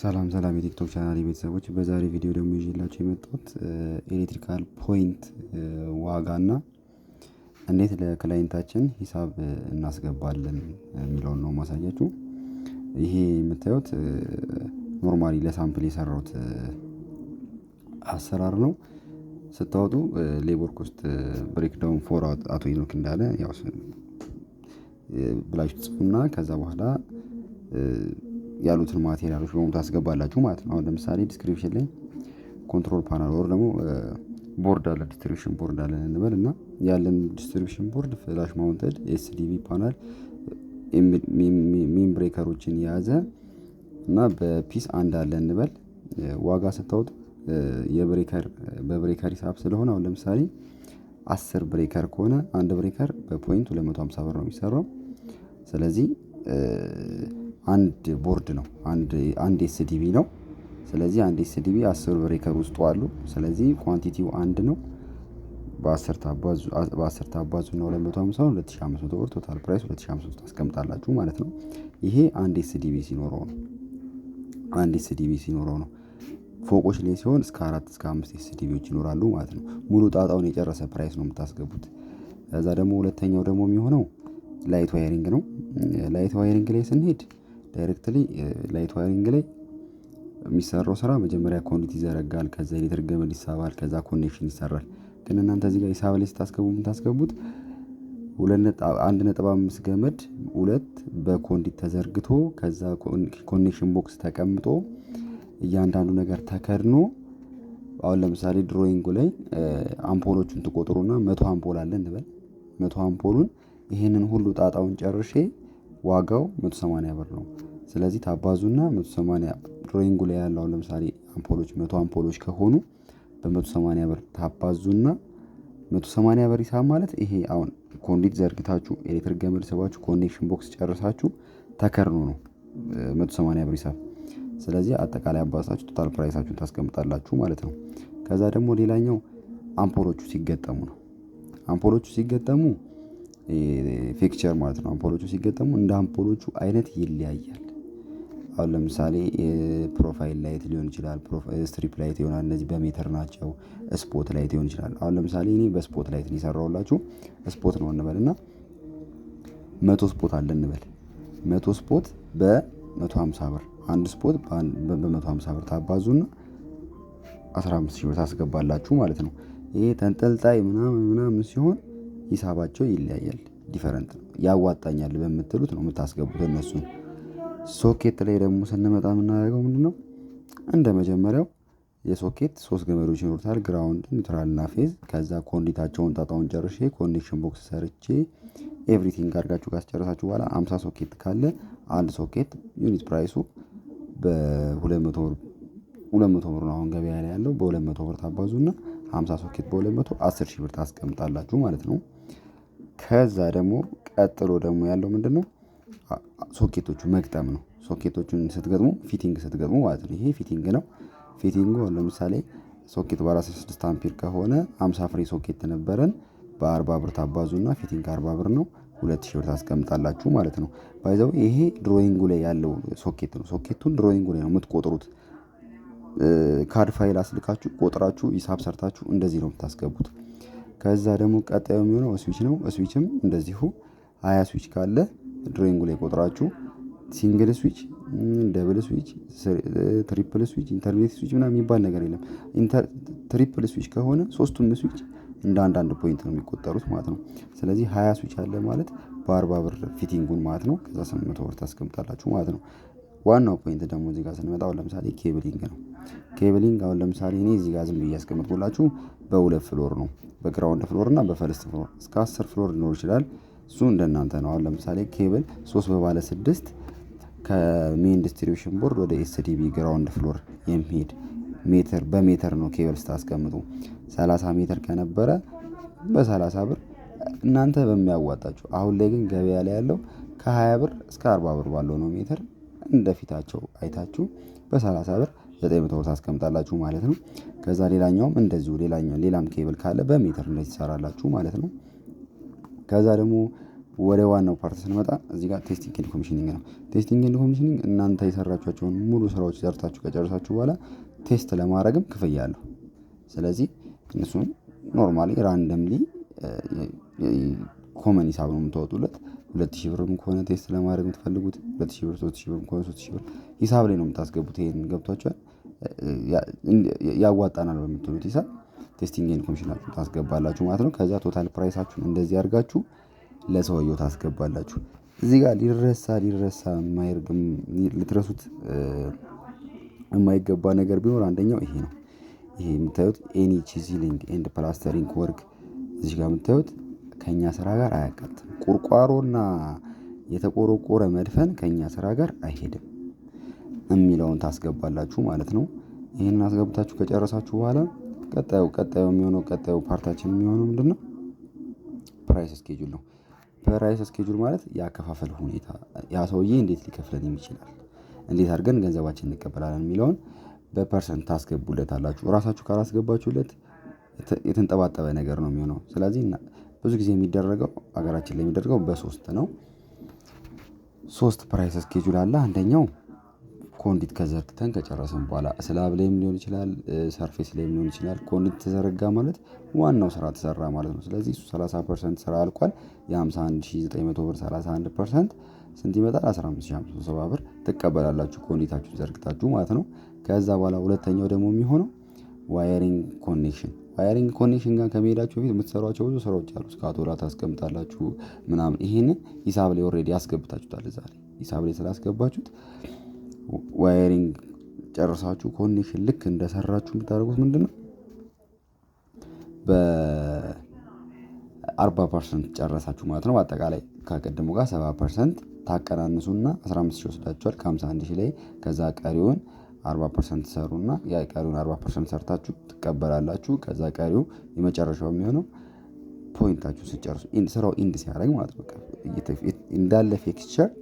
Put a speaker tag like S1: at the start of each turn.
S1: ሰላም ሰላም የቲክቶክ ቻናል ቤተሰቦች፣ በዛሬ ቪዲዮ ደግሞ ይላቸው የመጣሁት ኤሌክትሪካል ፖይንት ዋጋና እንዴት ለክላይንታችን ሂሳብ እናስገባለን የሚለውን ነው ማሳያችሁ። ይሄ የምታዩት ኖርማሊ ለሳምፕል የሰራት አሰራር ነው። ስታወጡ ሌቦር ኮስት ብሬክዳውን ፎር አቶ ሄኖክ እንዳለ ያው ጽፉና ከዛ በኋላ ያሉትን ማቴሪያሎች በሙሉ ታስገባላችሁ ማለት ነው። አሁን ለምሳሌ ዲስክሪፕሽን ላይ ኮንትሮል ፓናል ወር ደግሞ ቦርድ አለ ዲስትሪቢሽን ቦርድ አለን እንበል እና ያለን ዲስትሪቢሽን ቦርድ ፍላሽ ማውንተድ ኤስዲቪ ፓናል ሚን ብሬከሮችን የያዘ እና በፒስ አንድ አለ እንበል። ዋጋ ስታወጡ የብሬከር በብሬከር ሂሳብ ስለሆነ አሁን ለምሳሌ አስር ብሬከር ከሆነ አንድ ብሬከር በፖይንት 250 ብር ነው የሚሰራው። ስለዚህ አንድ ቦርድ ነው፣ አንድ ኤስዲቪ ነው። ስለዚህ አንድ ኤስዲቪ አስር ብሬከር ውስጡ አሉ። ስለዚህ ኳንቲቲው አንድ ነው። በአስር ታባዙ እና 250 2500 ብር ቶታል ፕራይስ 2500 ታስቀምጣላችሁ ማለት ነው። ይሄ አንድ ኤስዲቪ ሲኖረው ነው። አንድ ኤስዲቪ ሲኖረው ነው። ፎቆች ላይ ሲሆን እስከ አራት እስከ አምስት ኤስዲቪዎች ይኖራሉ ማለት ነው። ሙሉ ጣጣውን የጨረሰ ፕራይስ ነው የምታስገቡት። ከዛ ደግሞ ሁለተኛው ደግሞ የሚሆነው ላይት ዋይሪንግ ነው። ላይት ዋይሪንግ ላይ ስንሄድ ዳይሬክትሊ ላይት ዋይሪንግ ላይ የሚሰራው ስራ መጀመሪያ ኮንዲት ይዘረጋል፣ ከዛ ኤሌትሪክ ገመድ ይሳባል፣ ከዛ ኮኔክሽን ይሰራል። ግን እናንተ እዚህ ሂሳብ ላይ ስታስገቡ ምታስገቡት አንድ ነጥብ አምስት ገመድ ሁለት በኮንዲት ተዘርግቶ ከዛ ኮኔክሽን ቦክስ ተቀምጦ እያንዳንዱ ነገር ተከድኖ አሁን ለምሳሌ ድሮይንጉ ላይ አምፖሎቹን ትቆጥሩና መቶ አምፖል አለ እንበል። መቶ አምፖሉን ይህንን ሁሉ ጣጣውን ጨርሼ ዋጋው 180 ብር ነው። ስለዚህ ታባዙና 180 ድሮይንጉ ላይ ያለው ለምሳሌ አምፖሎች 100 አምፖሎች ከሆኑ በ180 ብር ታባዙና 180 ብር ሂሳብ ማለት ይሄ አሁን ኮንዲት ዘርግታችሁ ኤሌክትሪክ ገመድ ስባችሁ ኮኔክሽን ቦክስ ጨርሳችሁ ተከርኖ ነው 180 ብር ሂሳብ። ስለዚህ አጠቃላይ አባዛችሁ ቶታል ፕራይሳችሁን ታስቀምጣላችሁ ማለት ነው። ከዛ ደግሞ ሌላኛው አምፖሎቹ ሲገጠሙ ነው። አምፖሎቹ ሲገጠሙ ፊክቸር ማለት ነው። አምፖሎቹ ሲገጠሙ እንደ አምፖሎቹ አይነት ይለያያል። አሁን ለምሳሌ ፕሮፋይል ላይት ሊሆን ይችላል፣ ስትሪፕ ላይት ይሆናል። እነዚህ በሜትር ናቸው። ስፖት ላይት ሊሆን ይችላል። አሁን ለምሳሌ እኔ በስፖት ላይት የሰራውላችሁ ስፖት ነው እንበል እና መቶ ስፖት አለ እንበል መቶ ስፖት በመቶ ሀምሳ ብር አንድ ስፖት በመቶ ሀምሳ ብር ታባዙና 15 ሺህ ብር ታስገባላችሁ ማለት ነው። ይሄ ተንጠልጣይ ምናምን ምናምን ሲሆን ሂሳባቸው ይለያያል። ዲፈረንት ነው። ያዋጣኛል በምትሉት ነው የምታስገቡት እነሱን። ሶኬት ላይ ደግሞ ስንመጣ የምናደርገው ምንድ ነው? እንደ መጀመሪያው የሶኬት ሶስት ገመዶች ይኖሩታል። ግራውንድ፣ ና ፌዝ። ከዛ ኮንዲታቸውን ጣጣውን ጨርሼ ኮኔክሽን ቦክስ ሰርቼ ኤቭሪቲንግ አድርጋችሁ ካስጨረሳችሁ በኋላ አምሳ ሶኬት ካለ አንድ ሶኬት ዩኒት ፕራይሱ በሁለት መቶ ብር ነው አሁን ገበያ ላይ ያለው። በሁለት መቶ ብር ታባዙና 50 ሶኬት በ210 ሺህ ብር ታስቀምጣላችሁ ማለት ነው። ከዛ ደግሞ ቀጥሎ ደግሞ ያለው ምንድን ነው? ሶኬቶቹ መግጠም ነው። ሶኬቶቹን ስትገጥሙ ፊቲንግ ስትገጥሙ ማለት ነው። ይሄ ፊቲንግ ነው። ፊቲንጉ ለምሳሌ ሶኬት በ46 አምፒር ከሆነ 50 ፍሬ ሶኬት ነበረን። በ40 ብር ታባዙና ፊቲንግ 40 ብር ነው። 2000 ብር ታስቀምጣላችሁ ማለት ነው። ባይዘው ይሄ ድሮይንጉ ላይ ያለው ሶኬት ነው። ሶኬቱን ድሮይንጉ ላይ ነው የምትቆጥሩት። ካድ ፋይል አስልካችሁ ቆጥራችሁ ሂሳብ ሰርታችሁ እንደዚህ ነው የምታስገቡት። ከዛ ደግሞ ቀጣዩ የሚሆነው ስዊች ነው። ስዊችም እንደዚሁ ሀያ ስዊች ካለ ድሮይንጉ ላይ ቆጥራችሁ ሲንግል ስዊች፣ ደብል ስዊች፣ ትሪፕል ስዊች፣ ኢንተርኔት ስዊች ምናምን የሚባል ነገር የለም። ትሪፕል ስዊች ከሆነ ሶስቱም ስዊች እንደ አንዳንድ ፖይንት ነው የሚቆጠሩት ማለት ነው። ስለዚህ ሀያ ስዊች አለ ማለት በአርባ ብር ፊቲንጉን ማለት ነው። ከዛ ስምንት መቶ ብር ታስቀምጣላችሁ ማለት ነው። ዋናው ፖይንት ደግሞ ዚጋ ስንመጣ አሁን ለምሳሌ ኬብሊንግ ነው። ኬብሊንግ አሁን ለምሳሌ እኔ እዚህ ዝም ብዬ ያስቀመጥኩላችሁ በሁለት ፍሎር ነው፣ በግራውንድ ፍሎር እና በፈርስት ፍሎር እስከ አስር ፍሎር ሊኖር ይችላል። እሱ እንደናንተ ነው። አሁን ለምሳሌ ኬብል ሶስት በባለ ስድስት ከሜን ዲስትሪቢሽን ቦርድ ወደ ኤስዲቢ ግራውንድ ፍሎር የሚሄድ ሜትር በሜትር ነው ኬብል ስታስቀምጡ 30 ሜትር ከነበረ በ30 ብር እናንተ በሚያዋጣችሁ። አሁን ላይ ግን ገበያ ላይ ያለው ከ20 ብር እስከ 40 ብር ባለው ነው ሜትር እንደፊታቸው አይታችሁ በ30 ብር 900 ብር ታስቀምጣላችሁ ማለት ነው። ከዛ ሌላኛውም እንደዚሁ ሌላኛው ሌላም ኬብል ካለ በሜትር እንደዚህ ትሰራላችሁ ማለት ነው። ከዛ ደግሞ ወደ ዋናው ፓርት ስንመጣ እዚህ ጋር ቴስቲንግ ኤንድ ኮሚሽኒንግ ነው። ቴስቲንግ ኤንድ ኮሚሽኒንግ እናንተ የሰራችኋቸውን ሙሉ ስራዎች ዘርታችሁ ከጨረሳችሁ በኋላ ቴስት ለማድረግም ክፍያ አለው። ስለዚህ እነሱን ኖርማሊ ራንደምሊ ኮመን ሂሳብ ነው የምታወጡለት ሁለት ሺህ ብርም ከሆነ ቴስት ለማድረግ የምትፈልጉት ሁለት ሺህ ብር ሶስት ሺህ ብርም ከሆነ ሶስት ሺህ ብር ሂሳብ ላይ ነው የምታስገቡት። ይሄን ገብቷቸዋል ያዋጣናል በምትሉት ሂሳብ ቴስቲንግን ኮሚሽናችሁን ታስገባላችሁ ማለት ነው። ከዚያ ቶታል ፕራይሳችሁን እንደዚህ አድርጋችሁ ለሰውየው ታስገባላችሁ። እዚህ ጋር ሊረሳ ሊረሳ ልትረሱት የማይገባ ነገር ቢኖር አንደኛው ይሄ ነው። ይሄ የምታዩት ኤኒ ቺዚሊንግ ኤንድ ፕላስተሪንግ ወርክ እዚህ ጋር የምታዩት ከእኛ ስራ ጋር አያቃትም። ቁርቋሮና የተቆረቆረ መድፈን ከኛ ስራ ጋር አይሄድም የሚለውን ታስገባላችሁ ማለት ነው። ይህንን አስገብታችሁ ከጨረሳችሁ በኋላ ቀጣዩ ቀጣዩ የሚሆነው ቀጣዩ ፓርታችን የሚሆነው ምንድነው? ፕራይስ ስኬጁል ነው። ፕራይስ ስኬጁል ማለት የአከፋፈል ሁኔታ ያ ሰውዬ እንዴት ሊከፍለን ይችላል፣ እንዴት አድርገን ገንዘባችን እንቀበላለን የሚለውን በፐርሰንት አላችሁ። እራሳችሁ ካላስገባችሁለት የተንጠባጠበ ነገር ነው የሚሆነው። ስለዚህ ብዙ ጊዜ የሚደረገው ሀገራችን ላይ የሚደረገው በሶስት ነው። ሶስት ፕራይስ ስኬጁል አለ። አንደኛው ኮንዲት ከዘርግተን ከጨረስን በኋላ ስላብ ላይም ሊሆን ይችላል፣ ሰርፌስ ላይም ሊሆን ይችላል። ኮንዲት ተዘረጋ ማለት ዋናው ስራ ተሰራ ማለት ነው። ስለዚህ እሱ 30 ፐርሰንት ስራ አልቋል። የ51900 ብር 31 ፐርሰንት ስንት ይመጣል? 15570 ብር ትቀበላላችሁ፣ ኮንዲታችሁ ዘርግታችሁ ማለት ነው። ከዛ በኋላ ሁለተኛው ደግሞ የሚሆነው ዋየሪንግ ኮኔክሽን ፋየሪንግ ኮኔክሽን ጋር ከመሄዳችሁ በፊት የምትሰሯቸው ብዙ ስራዎች አሉ። እስካቶላ ታስቀምጣላችሁ ምናምን። ይህንን ሂሳብ ላይ ኦሬዲ ያስገብታችሁታል። እዛ ላይ ሂሳብ ላይ ስላስገባችሁት ዋየሪንግ ጨርሳችሁ ኮኔክሽን ልክ እንደሰራችሁ የምታደርጉት ምንድን ነው በአርባ ፐርሰንት ጨረሳችሁ ማለት ነው። በአጠቃላይ ከቅድሙ ጋር ሰባ ፐርሰንት ታቀናንሱና 15 ሺ ወስዳችኋል ከ ድ ሺ ላይ ከዛ ቀሪውን 40 ፐርሰንት ሰሩና ያ ቀሪውን 40 ፐርሰንት ሰርታችሁ ትቀበላላችሁ። ከዛ ቀሪው የመጨረሻው የሚሆነው ፖይንታችሁ ስጨርሱ ስራው ኢንድ ሲያደርግ ማለት ነው። እንዳለ ፌክስቸር